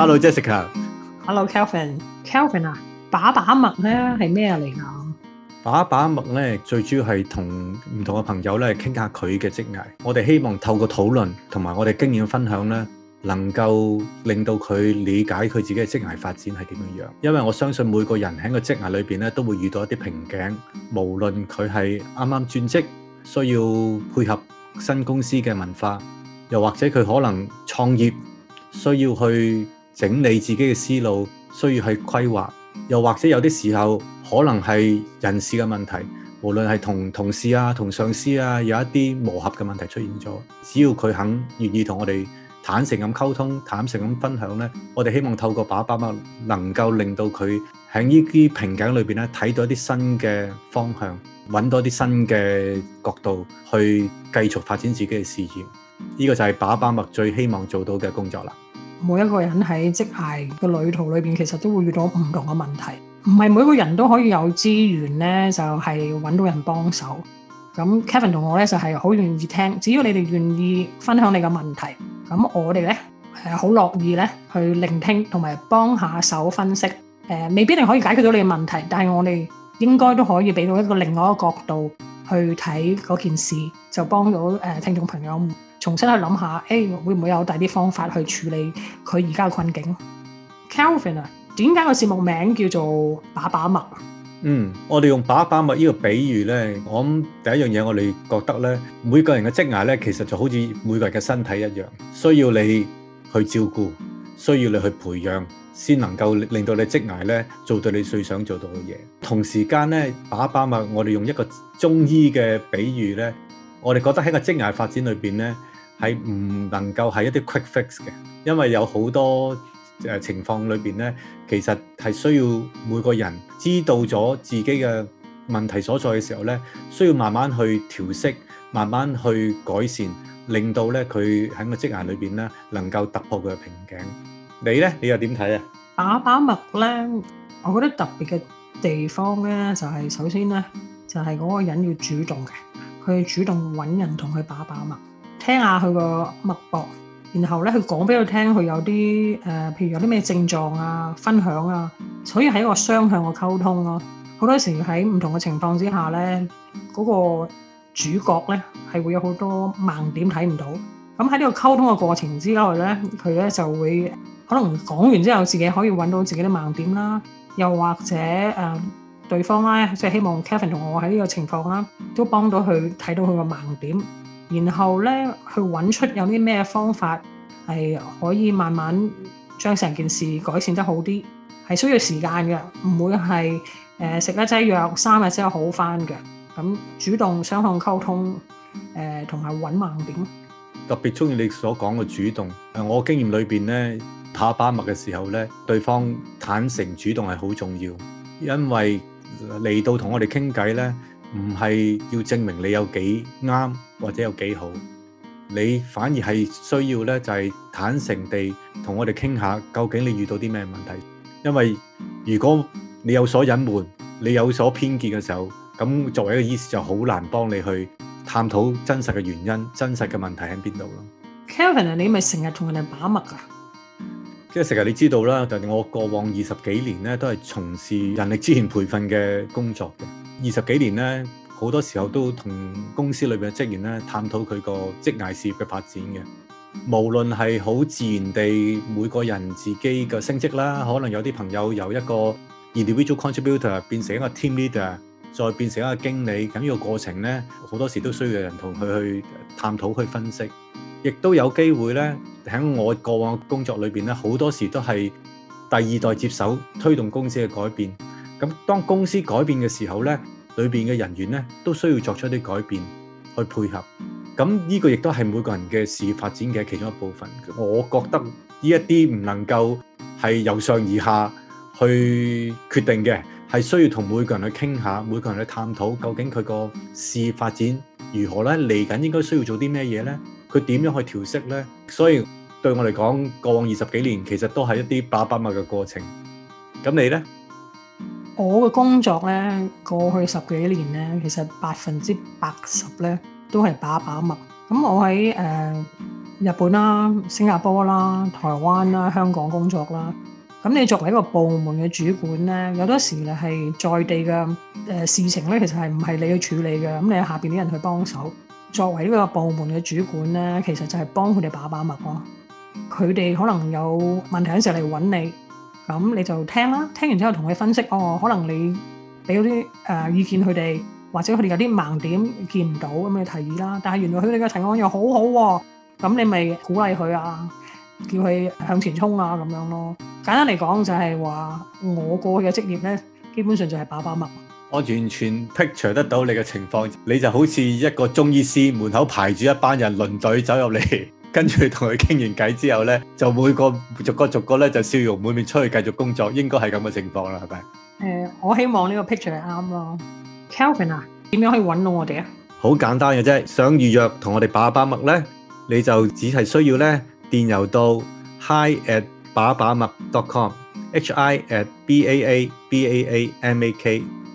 Hello Jessica。Hello Kelvin。Kelvin 啊，把把脈咧係咩嚟㗎？嗯啊、把把脈咧最主要係同唔同嘅朋友咧傾下佢嘅職涯。我哋希望透過討論同埋我哋經驗分享咧，能夠令到佢理解佢自己嘅職涯發展係點樣樣。因為我相信每個人喺個職涯裏邊咧都會遇到一啲瓶頸，無論佢係啱啱轉職，需要配合新公司嘅文化，又或者佢可能創業需要去。整理自己嘅思路，需要去規劃，又或者有啲時候可能係人事嘅問題，無論係同同事啊、同上司啊，有一啲磨合嘅問題出現咗。只要佢肯願意同我哋坦誠咁溝通、坦誠咁分享咧，我哋希望透過把把脈，能夠令到佢喺呢啲瓶頸裏邊咧，睇到一啲新嘅方向，揾到一啲新嘅角度去繼續發展自己嘅事業。呢個就係把把脈最希望做到嘅工作啦。每一個人喺職涯嘅旅途裏面，其實都會遇到唔同嘅問題，唔係每個人都可以有資源咧，就係揾到人幫手。咁 Kelvin 同我咧就係好願意聽，只要你哋願意分享你嘅問題，咁我哋咧誒好樂意咧去聆聽，同埋幫下手分析。誒，未必係可以解決到你嘅問題，但係我哋應該都可以俾到一個另外一個角度去睇嗰件事，就幫到誒聽眾朋友，重新去諗下，誒、哎、會唔會有第啲方法去處理佢而家嘅困境？Kelvin 啊，點解個節目名叫做把把脈？嗯，我哋用把把脈呢個比喻呢，我諗第一樣嘢我哋覺得呢，每個人嘅職涯呢，其實就好似每個人嘅身體一樣，需要你去照顧，需要你去培養，先能夠令到你職涯呢做到你最想做到嘅嘢。同時間呢，把把脈，我哋用一個中醫嘅比喻呢。我哋覺得喺個職涯發展裏邊呢，係唔能夠係一啲 quick fix 嘅，因為有好多誒情況裏邊呢，其實係需要每個人知道咗自己嘅問題所在嘅時候呢，需要慢慢去調適，慢慢去改善，令到呢佢喺個職涯裏邊呢能夠突破佢嘅瓶頸。你呢，你又點睇啊？把把脈呢，我覺得特別嘅地方呢，就係首先呢，就係嗰個人要主動嘅。去主動揾人同佢把把脈，聽下佢個脈搏，然後咧佢講俾佢聽他一，佢有啲誒，譬如有啲咩症狀啊、分享啊，所以喺一個雙向嘅溝通咯、啊。好多時喺唔同嘅情況之下咧，嗰、那個主角咧係會有好多盲點睇唔到。咁喺呢個溝通嘅過程之內咧，佢咧就會可能講完之後，自己可以揾到自己嘅盲點啦，又或者誒。呃對方咧，即係希望 Kelvin 同我喺呢個情況啦，都幫到佢睇到佢個盲點，然後咧去揾出有啲咩方法係可以慢慢將成件事改善得好啲，係需要時間嘅，唔會係誒、呃、食一劑藥三日之後好翻嘅。咁、嗯、主動雙向溝通，誒同埋揾盲點，特別中意你所講嘅主動。誒，我經驗裏邊咧，打把脈嘅時候咧，對方坦誠主動係好重要，因為嚟到同我哋傾偈呢，唔係要證明你有幾啱或者有幾好，你反而係需要呢，就係坦誠地同我哋傾下，究竟你遇到啲咩問題？因為如果你有所隱瞞、你有所偏見嘅時候，咁作為一個醫師就好難幫你去探討真實嘅原因、真實嘅問題喺邊度咯。Kevin，你咪成日同人哋把脈㗎、啊？即係成日你知道啦，就我過往二十幾年咧都係從事人力資源培訓嘅工作嘅。二十幾年咧，好多時候都同公司裏面嘅職員咧探討佢個職涯事業嘅發展嘅。無論係好自然地每個人自己嘅升職啦，可能有啲朋友由一個 individual contributor 變成一個 team leader，再變成一個經理，咁、這、呢個過程咧好多時候都需要有人同佢去探討去分析。亦都有機會咧，喺我過往工作裏面咧，好多時都係第二代接手推動公司嘅改變。咁當公司改變嘅時候咧，裏面嘅人員咧都需要作出一啲改變去配合。咁呢個亦都係每個人嘅事業發展嘅其中一部分。我覺得呢一啲唔能夠係由上而下去決定嘅，係需要同每個人去傾下，每個人去探討究竟佢個事業發展如何咧，嚟緊應該需要做啲咩嘢咧？佢點樣去調適呢？所以對我嚟講，過往二十幾年其實都係一啲把把脈嘅過程。咁你呢？我嘅工作呢，過去十幾年呢，其實百分之八十呢都係把把脈。咁我喺誒日本啦、新加坡啦、台灣啦、香港工作啦。咁你作為一個部門嘅主管呢，有好多時呢係在地嘅誒事情呢，其實係唔係你去處理嘅？咁你下邊啲人去幫手。作為呢個部門嘅主管咧，其實就係幫佢哋把把脈咯。佢哋可能有問題嘅時候嚟揾你，咁你就聽啦。聽完之後同佢分析，哦，可能你俾咗啲誒意見佢哋，或者佢哋有啲盲點見唔到咁嘅提議啦。但係原來佢哋嘅提案又好好喎，咁你咪鼓勵佢啊，叫佢向前衝啊咁樣咯。簡單嚟講就係話，我過去嘅職業咧，基本上就係把把脈。我完全 picture 得到你嘅情況，你就好似一個中醫師門口排住一班人輪隊走入嚟，跟住同佢傾完偈之後呢，就每個逐個逐個呢，就笑容滿面出去繼續工作，應該係咁嘅情況啦，係咪？誒、呃，我希望呢個 picture 係啱咯。Kelvin 啊，點樣可以揾到我哋啊？好簡單嘅啫，想預約同我哋把把脈呢，你就只係需要呢電郵到 hi at 把把脈 dot com，h i at b a a b a a m a k。